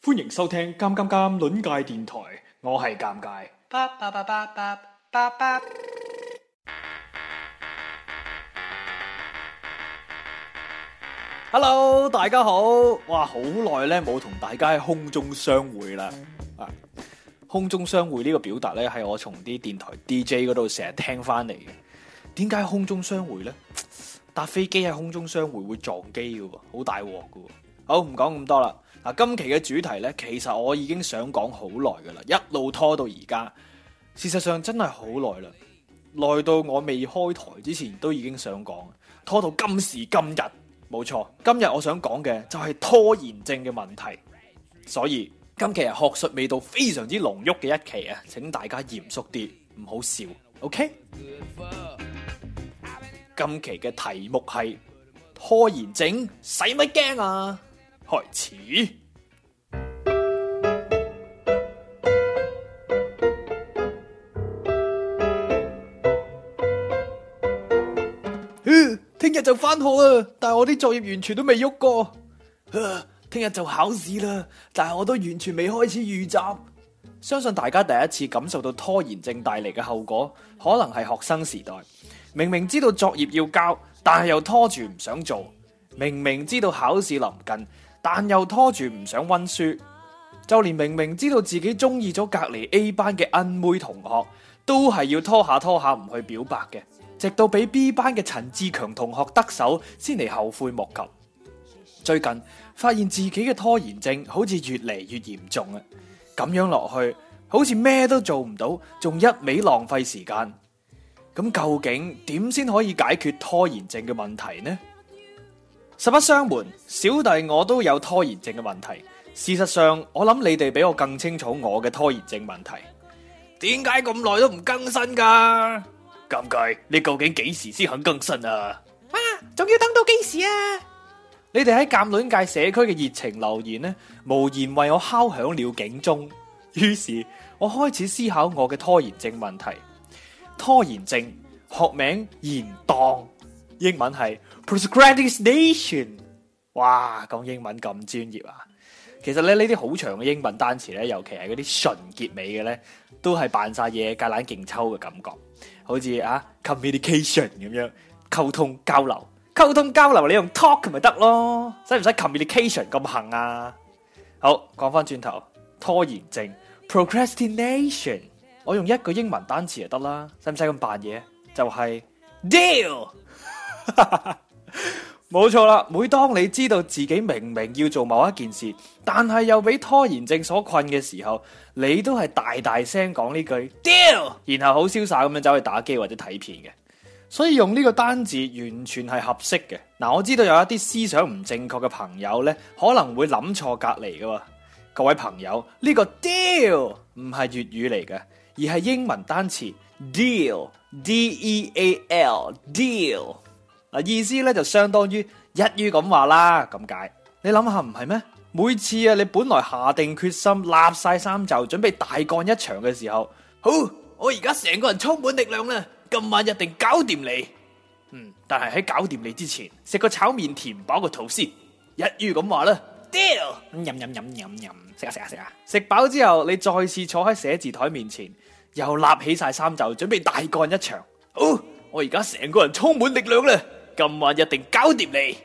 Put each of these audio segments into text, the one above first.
歡迎收聽《尷尷尷》論界電台，我係尷尬。Hello，大家好！哇，好耐咧冇同大家喺空中相會啦。啊，空中相會呢個表達咧係我從啲電台 DJ 嗰度成日聽翻嚟嘅。點解空中相會呢？搭飛機喺空中相會會撞機噶，好大鑊噶。好，唔講咁多啦。嗱，今期嘅主題呢，其實我已經想講好耐噶啦，一路拖到而家。事實上真係好耐啦，耐到我未開台之前都已經想講，拖到今時今日，冇錯。今日我想講嘅就係拖延症嘅問題，所以今期係學術味道非常之濃郁嘅一期啊，請大家嚴肅啲，唔好笑，OK？今期嘅題目係拖延症，使乜驚啊？開始。嗯，聽日就返學啦，但係我啲作業完全都未喐過。聽日就考試啦，但係我都完全未開始預習。相信大家第一次感受到拖延症帶嚟嘅後果，可能係學生時代。明明知道作業要交，但係又拖住唔想做。明明知道考試臨近。但又拖住唔想溫書，就連明明知道自己中意咗隔籬 A 班嘅恩妹同學，都係要拖下拖下唔去表白嘅，直到俾 B 班嘅陳志強同學得手，先嚟後悔莫及。最近發現自己嘅拖延症好似越嚟越嚴重啊！咁樣落去，好似咩都做唔到，仲一味浪費時間。咁究竟點先可以解決拖延症嘅問題呢？實不相瞞，小弟我都有拖延症嘅問題。事實上，我諗你哋比我更清楚我嘅拖延症問題。點解咁耐都唔更新噶？咁你究竟幾時先肯更新啊？哇、啊，仲要等到幾時啊？你哋喺鑒戀界社區嘅熱情留言呢，無言為我敲響了警鐘。於是我開始思考我嘅拖延症問題。拖延症學名延宕，英文係。Procrastination，哇，講英文咁專業啊！其實咧呢啲好長嘅英文單詞咧，尤其係嗰啲純潔美嘅咧，都係扮晒嘢、隔冷勁抽嘅感覺，好似啊 communication 咁樣溝通交流、溝通交流，你用 talk 咪得咯？使唔使 communication 咁行啊？好，講返轉頭拖延症 procrastination，我用一個英文單詞就得啦，使唔使咁扮嘢？就係、是、deal。 冇錯啦，每當你知道自己明明要做某一件事，但係又俾拖延症所困嘅時候，你都係大大聲講呢句 deal，然後好瀟灑咁樣走去打機或者睇片嘅，所以用呢個單字完全係合適嘅。嗱，我知道有一啲思想唔正確嘅朋友呢，可能會諗錯隔籬噶，各位朋友，呢個 deal 唔係粵語嚟嘅，而係英文單詞 deal，d e a l deal。嗱，意思咧就相當於一於咁話啦，咁解。你諗下唔係咩？每次啊，你本來下定決心立晒衫袖，準備大幹一場嘅時候，好，我而家成個人充滿力量啦，今晚一定搞掂你。嗯，但係喺搞掂你之前，食個炒麵填飽個肚先。一於咁話啦，deal。飲飲飲飲飲，食下、啊、食下、食下。食飽之後，你再次坐喺寫字台面前，又立起晒衫袖，準備大幹一場。好，我而家成個人充滿力量啦。今晚一定搞掂你。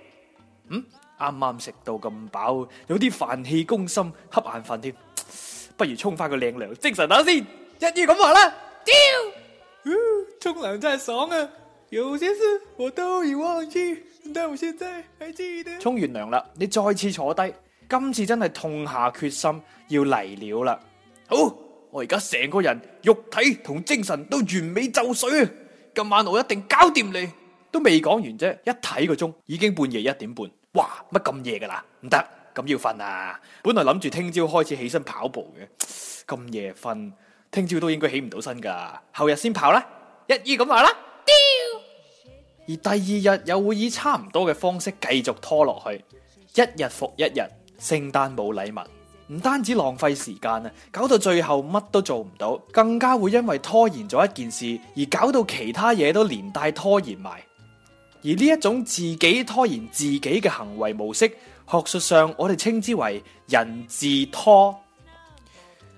嗯，啱啱食到咁飽，有啲飯氣攻心，瞌眼瞓添，不如沖翻個靚涼，精神下先。一於咁話啦，沖涼真係爽啊！有些事我都已忘記，但我現在還記得。沖完涼啦，你再次坐低，今次真係痛下決心要嚟了啦。好，我而家成個人肉體同精神都完美就緒啊！今晚我一定搞掂你。都未講完啫，一睇個鐘已經半夜一點半，哇，乜咁夜噶啦？唔得，咁要瞓啊！本來諗住聽朝開始起身跑步嘅，咁夜瞓，聽朝都應該起唔到身噶。後日先跑啦，一於咁話啦。掉而第二日又會以差唔多嘅方式繼續拖落去，一日復一日，聖誕冇禮物，唔單止浪費時間啊，搞到最後乜都做唔到，更加會因為拖延咗一件事而搞到其他嘢都連帶拖延埋。而呢一種自己拖延自己嘅行為模式，學術上我哋稱之為人字拖。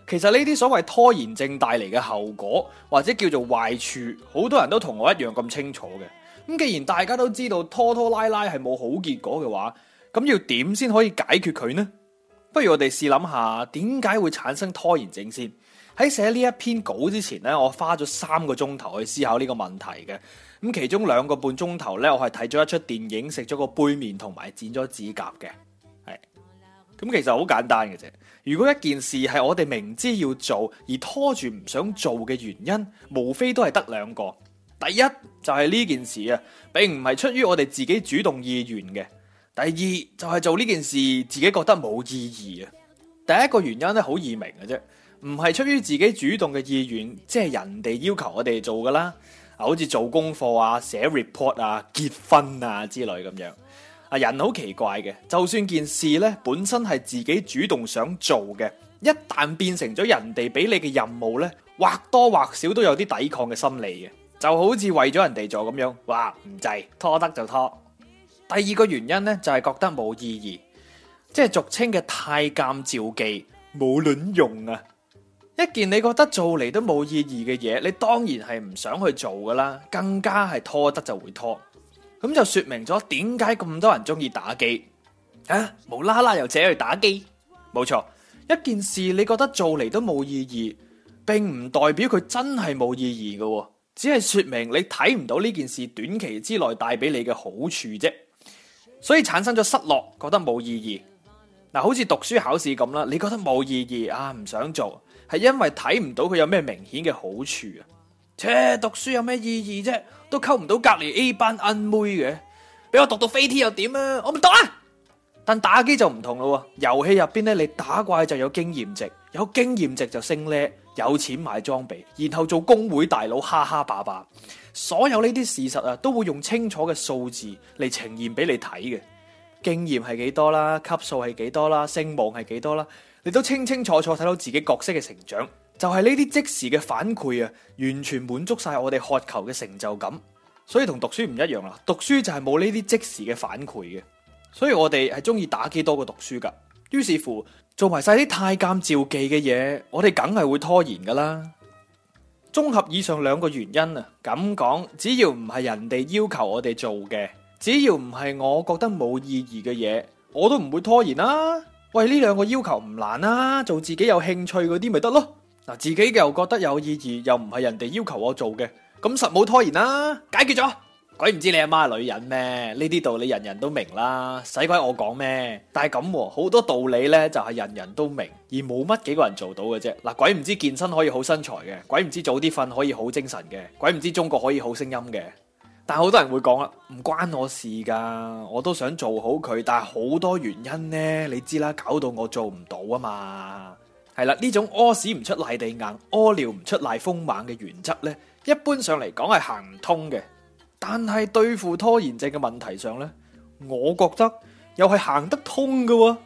其實呢啲所謂拖延症帶嚟嘅後果，或者叫做壞處，好多人都同我一樣咁清楚嘅。咁既然大家都知道拖拖拉拉係冇好結果嘅話，咁要點先可以解決佢呢？不如我哋試諗下點解會產生拖延症先。喺寫呢一篇稿之前咧，我花咗三個鐘頭去思考呢個問題嘅。咁其中兩個半鐘頭咧，我係睇咗一出電影，食咗個杯麵同埋剪咗指甲嘅，係咁其實好簡單嘅啫。如果一件事係我哋明知要做而拖住唔想做嘅原因，無非都係得兩個。第一就係、是、呢件事啊，並唔係出於我哋自己主動意願嘅。第二就係、是、做呢件事自己覺得冇意義啊。第一個原因咧，好易明嘅啫，唔係出於自己主動嘅意願，即係人哋要求我哋做噶啦。好似做功課啊、寫 report 啊、結婚啊之類咁樣。啊，人好奇怪嘅，就算件事咧本身係自己主動想做嘅，一旦變成咗人哋俾你嘅任務咧，或多或少都有啲抵抗嘅心理嘅。就好似為咗人哋做咁樣，哇，唔制，拖得就拖。第二個原因咧就係覺得冇意義，即係俗稱嘅太監照鏡冇卵用啊！一件你覺得做嚟都冇意義嘅嘢，你當然係唔想去做噶啦，更加係拖得就會拖。咁就說明咗點解咁多人中意打機啊？無啦啦又扯去打機，冇錯。一件事你覺得做嚟都冇意義，並唔代表佢真係冇意義噶，只係說明你睇唔到呢件事短期之內帶俾你嘅好處啫。所以產生咗失落，覺得冇意義。嗱，好似讀書考試咁啦，你覺得冇意義啊，唔想做。係因為睇唔到佢有咩明顯嘅好處啊！切，讀書有咩意義啫？都溝唔到隔籬 A 班奀妹嘅，俾我讀到飛天又點啊？我唔讀啊！但打機就唔同咯，遊戲入邊咧，你打怪就有經驗值，有經驗值就升叻，有錢買裝備，然後做公會大佬，哈哈霸霸。所有呢啲事實啊，都會用清楚嘅數字嚟呈現俾你睇嘅，經驗係幾多啦，級數係幾多啦，聲望係幾多啦。你都清清楚楚睇到自己角色嘅成長，就係呢啲即時嘅反饋啊，完全滿足晒我哋渴求嘅成就感。所以同讀書唔一樣啦，讀書就係冇呢啲即時嘅反饋嘅，所以我哋係中意打機多過讀書噶。於是乎，做埋晒啲太監照記嘅嘢，我哋梗係會拖延噶啦。綜合以上兩個原因啊，咁講，只要唔係人哋要求我哋做嘅，只要唔係我覺得冇意義嘅嘢，我都唔會拖延啦。喂，呢兩個要求唔難啦，做自己有興趣嗰啲咪得咯。嗱，自己又覺得有意義，又唔係人哋要求我做嘅，咁實冇拖延啦，解決咗。鬼唔知你阿媽係女人咩？呢啲道理人人都明啦，使鬼我講咩？但係咁好多道理呢就係人人都明，而冇乜幾個人做到嘅啫。嗱，鬼唔知健身可以好身材嘅，鬼唔知早啲瞓可以好精神嘅，鬼唔知中國可以好聲音嘅。但好多人會講啦，唔關我事噶，我都想做好佢，但係好多原因呢，你知啦，搞到我做唔到啊嘛。係啦，呢種屙屎唔出賴地硬，屙尿唔出賴風猛嘅原則呢，一般上嚟講係行唔通嘅。但係對付拖延症嘅問題上呢，我覺得又係行得通嘅，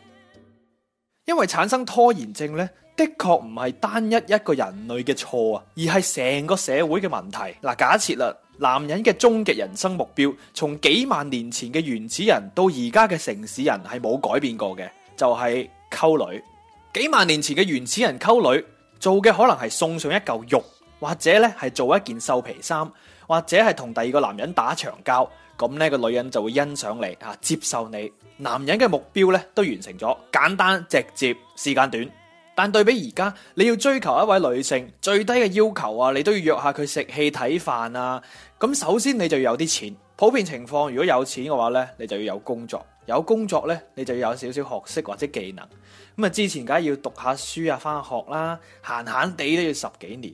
因為產生拖延症呢，的確唔係單一一個人類嘅錯啊，而係成個社會嘅問題。嗱，假設啦。男人嘅終極人生目標，從幾萬年前嘅原始人到而家嘅城市人係冇改變過嘅，就係、是、溝女。幾萬年前嘅原始人溝女做嘅可能係送上一嚿肉，或者咧係做一件獸皮衫，或者係同第二個男人打長交，咁呢個女人就會欣賞你啊，接受你。男人嘅目標咧都完成咗，簡單直接，時間短。但對比而家，你要追求一位女性最低嘅要求啊，你都要約下佢食戲睇飯啊。咁首先你就要有啲錢，普遍情況如果有錢嘅話咧，你就要有工作，有工作咧你就要有少少學識或者技能。咁啊之前梗係要讀下書啊，翻學啦，閒閒地都要十幾年。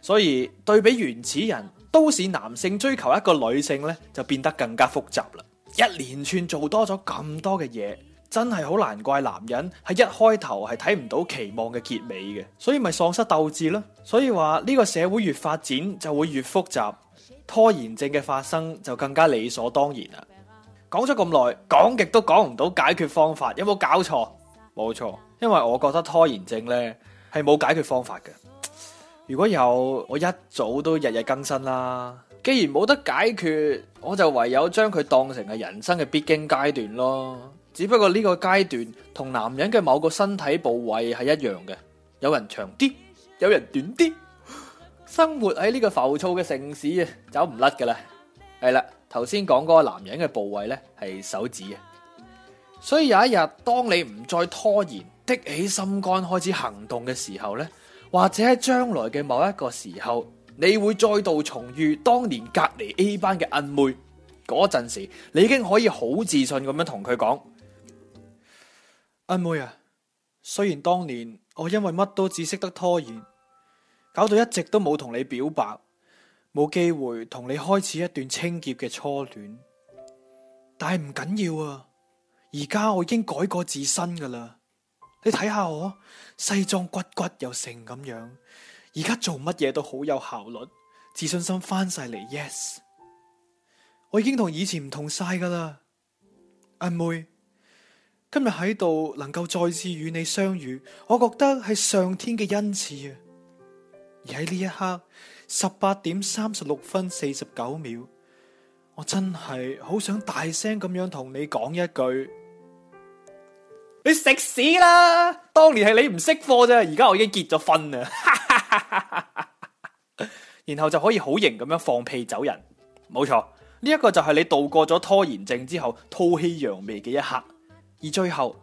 所以對比原始人，都市男性追求一個女性咧就變得更加複雜啦，一連串做多咗咁多嘅嘢。真係好難怪男人係一開頭係睇唔到期望嘅結尾嘅，所以咪喪失鬥志咯。所以話呢個社會越發展就會越複雜，拖延症嘅發生就更加理所當然啦。講咗咁耐，講極都講唔到解決方法，有冇搞錯？冇錯，因為我覺得拖延症呢係冇解決方法嘅。如果有，我一早都日日更新啦。既然冇得解決，我就唯有將佢當成係人生嘅必經階段咯。只不過呢個階段同男人嘅某個身體部位係一樣嘅，有人長啲，有人短啲。生活喺呢個浮躁嘅城市啊，走唔甩噶啦。係啦，頭先講嗰個男人嘅部位咧係手指啊。所以有一日，當你唔再拖延，的起心肝開始行動嘅時候咧，或者喺將來嘅某一個時候，你會再度重遇當年隔籬 A 班嘅暗妹嗰陣時，你已經可以好自信咁樣同佢講。阿妹啊，雖然當年我因為乜都只識得拖延，搞到一直都冇同你表白，冇機會同你開始一段清潔嘅初戀，但係唔緊要啊！而家我已經改過自新噶啦，你睇下我西裝骨骨又成咁樣，而家做乜嘢都好有效率，自信心翻晒嚟，yes，我已經同以前唔同晒噶啦，阿妹。今日喺度能夠再次與你相遇，我覺得係上天嘅恩賜啊！而喺呢一刻，十八點三十六分四十九秒，我真係好想大聲咁樣同你講一句：你食屎啦！當年係你唔識貨啫，而家我已經結咗婚啦， 然後就可以好型咁樣放屁走人。冇錯，呢、這、一個就係你度過咗拖延症之後吐氣揚眉嘅一刻。而最後，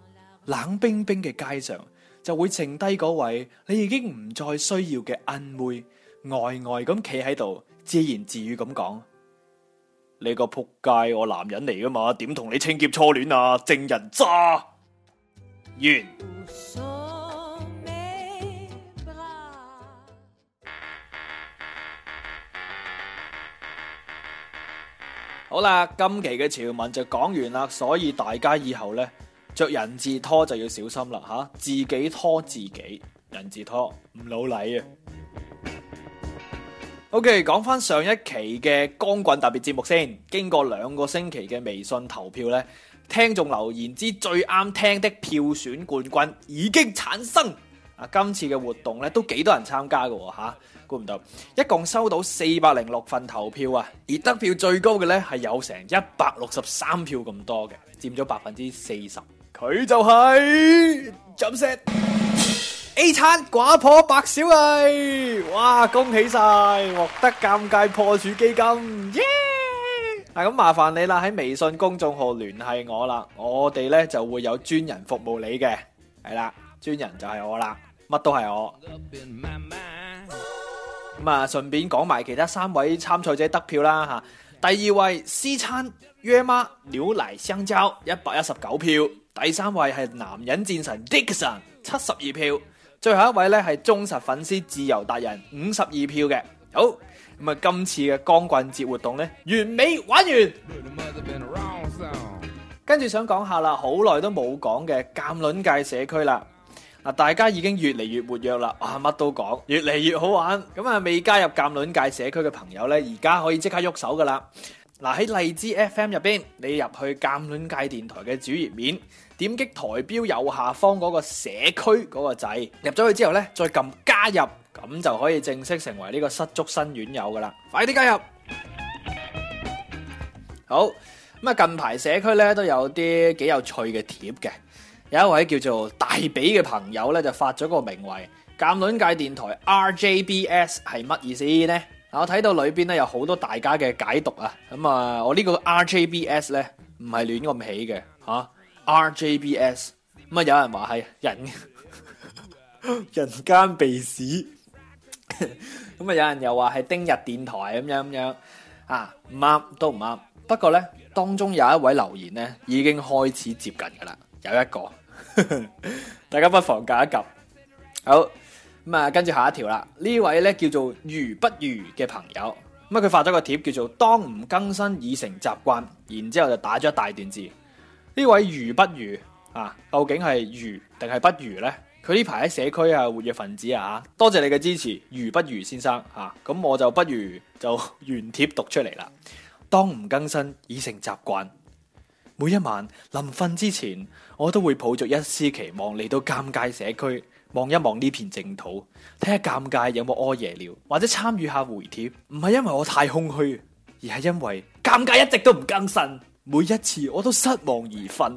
冷冰冰嘅街上就會剩低嗰位你已經唔再需要嘅恩妹，呆呆咁企喺度，自言自語咁講：你個仆街，我男人嚟噶嘛，點同你清潔初戀啊？正人渣！完。好啦，今期嘅潮文就講完啦，所以大家以後呢。」着人字拖就要小心啦，吓，自己拖自己人字拖唔老禮啊。O.K. 講翻上一期嘅光棍特別節目先，經過兩個星期嘅微信投票咧，聽眾留言之最啱聽的票選冠軍已經產生啊。今次嘅活動咧都幾多人參加噶吓，估唔到一共收到四百零六份投票啊，而得票最高嘅咧係有成一百六十三票咁多嘅，佔咗百分之四十。佢就係飲食 A 餐寡婆白小麗，哇！恭喜晒獲得尷尬破處基金耶！係咁麻煩你啦，喺微信公眾號聯繫我啦，我哋呢就會有專人服務你嘅係啦，專人就係我啦，乜都係我咁啊！順便講埋其他三位參賽者得票啦吓，第二位 C 餐約媽鳥嚟香蕉一百一十九票。第三位係男人戰神 Dickson，七十二票；最後一位咧，係忠實粉絲自由達人，五十二票嘅。好，咁啊，今次嘅光棍節活動咧，完美玩完。跟住想講下啦，好耐都冇講嘅鑑卵界社區啦，嗱，大家已經越嚟越活躍啦，啊乜都講，越嚟越好玩。咁啊，未加入鑑卵界社區嘅朋友咧，而家可以即刻喐手噶啦。嗱，喺荔枝 FM 入邊，你入去鑑論界電台嘅主頁面，點擊台標右下方嗰個社區嗰個掣，入咗去之後咧，再撳加入，咁就可以正式成為呢個失足新院友噶啦。快啲加入！好，咁啊，近排社區咧都有啲幾有趣嘅貼嘅，有一位叫做大髀嘅朋友咧就發咗個名為《鑑論界電台 RJBS》係乜意思呢？嗱，我睇到裏邊咧有好多大家嘅解讀啊，咁啊，我呢個 RJBS 咧唔係亂咁起嘅吓，RJBS，咁啊有人話係人人間鼻屎，咁啊有人又話係丁日電台咁樣咁樣，啊唔啱都唔啱，不過咧當中有一位留言咧已經開始接近噶啦，有一個，大家不妨夾一夾，好。咁啊，跟住下一條啦。呢位咧叫做如不如嘅朋友，咁啊佢發咗個貼叫做《當唔更新已成習慣》，然之後就打咗一大段字。呢位如不如啊，究竟係如定係不如呢？佢呢排喺社區啊活躍分子啊吓，多謝你嘅支持，如不如先生啊，咁我就不如就原帖讀出嚟啦。當唔更新已成習慣，每一晚臨瞓之前，我都會抱着一絲期望嚟到尷尬社區。望一望呢片淨土，睇下尷尬有冇屙夜了，或者參與下回帖，唔係因為我太空虛，而係因為尷尬一直都唔更新，每一次我都失望而瞓。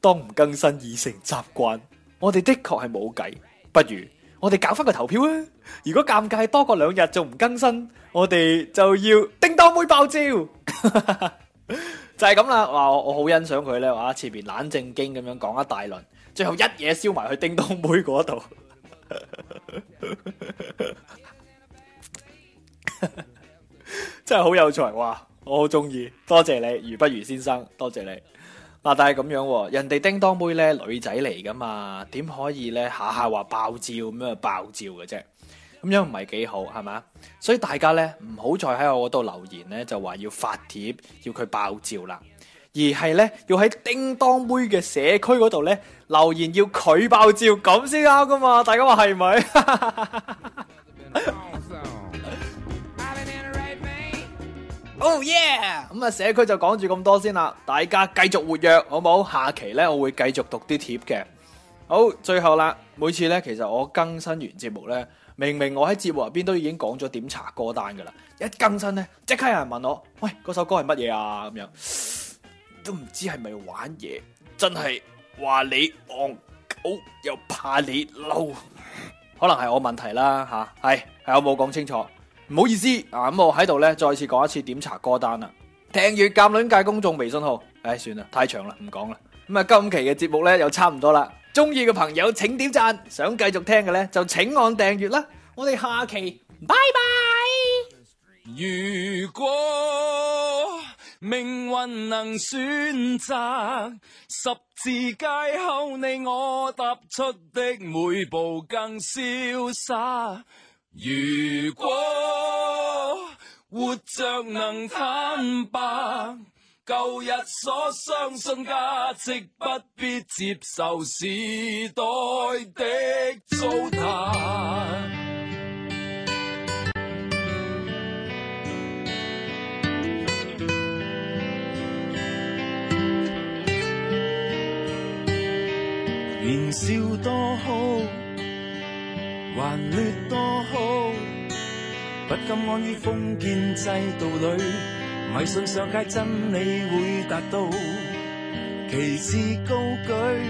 當唔更新已成習慣，我哋的確係冇計，不如我哋搞翻個投票啦。如果尷尬多過兩日仲唔更新，我哋就要叮當妹爆照， 就係咁啦。話我好欣賞佢咧，話前面冷正經咁樣講一大輪。最後一嘢燒埋去叮當妹嗰度，真係好有才哇！我好中意，多謝你，如不如先生，多謝你。嗱、啊，但係咁樣，人哋叮當妹咧女仔嚟噶嘛，點可以咧下下話爆照咁爆照嘅啫？咁樣唔係幾好係嘛？所以大家咧唔好再喺我嗰度留言咧，就話要發帖要佢爆照啦。而係咧，要喺叮噹妹嘅社區嗰度咧留言要，要佢爆照咁先啱噶嘛？大家話係咪？Oh yeah！咁、嗯、啊，社區就講住咁多先啦。大家繼續活躍好唔好？下期咧，我會繼續讀啲貼嘅。好，最後啦，每次咧，其實我更新完節目咧，明明我喺節目入邊都已經講咗點查歌單噶啦，一更新咧，即刻有人問我喂，嗰首歌係乜嘢啊？咁樣。都唔知係咪玩嘢，真係話你戇鳩又怕你嬲， 可能係我問題啦吓，係、啊、係我冇講清楚，唔好意思啊。咁我喺度咧再次講一次點查歌單啦，訂閱鑑論界公眾微信號，唉、哎、算啦，太長啦唔講啦，咁啊今期嘅節目咧又差唔多啦，中意嘅朋友請點讚，想繼續聽嘅咧就請按訂閱啦，我哋下期拜拜。如果命運能選擇十字街後，你我踏出的每步更瀟灑。如果活着能坦白，舊日所相信價值不必接受時代的糟蹋。笑多好，玩樂多好，不甘安於封建制度裏，迷信上街真理會達到，旗幟高舉，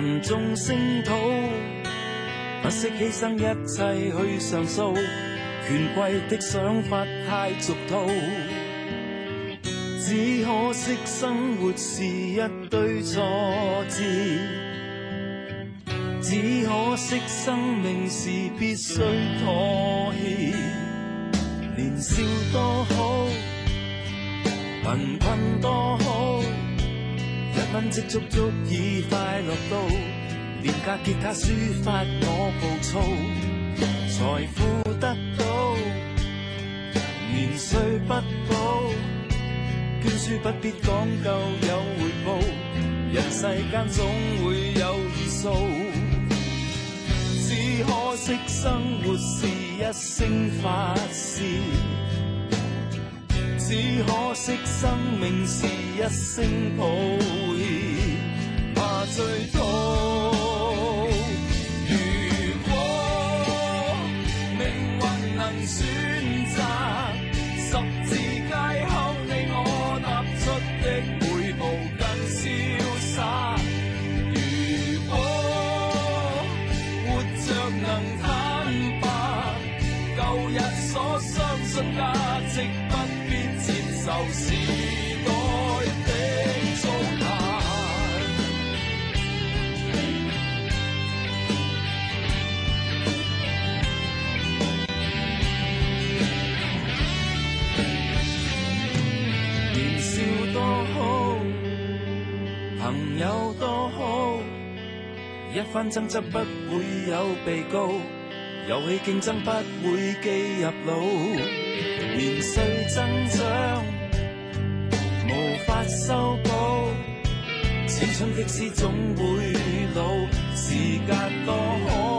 群眾聲討，不惜犧牲一切去上訴，權貴的想法太俗套。只可惜生活是一堆錯字，只可惜生命是必須妥協。年少多好，貧困多好，一蚊即足足以快樂到，廉價結他抒發我暴躁，財富得到，年歲不保。捐輸不必講究有回報，人世間總會有異數。只可惜生活是一聲發泄，只可惜生命是一聲抱歉，怕最痛。直不必接受時代的重壓，年少多好，朋友多好，一番爭執不會有被告，遊戲競爭不會記入腦。年歲增長，無法修補，青春的詩總會老，時間多可。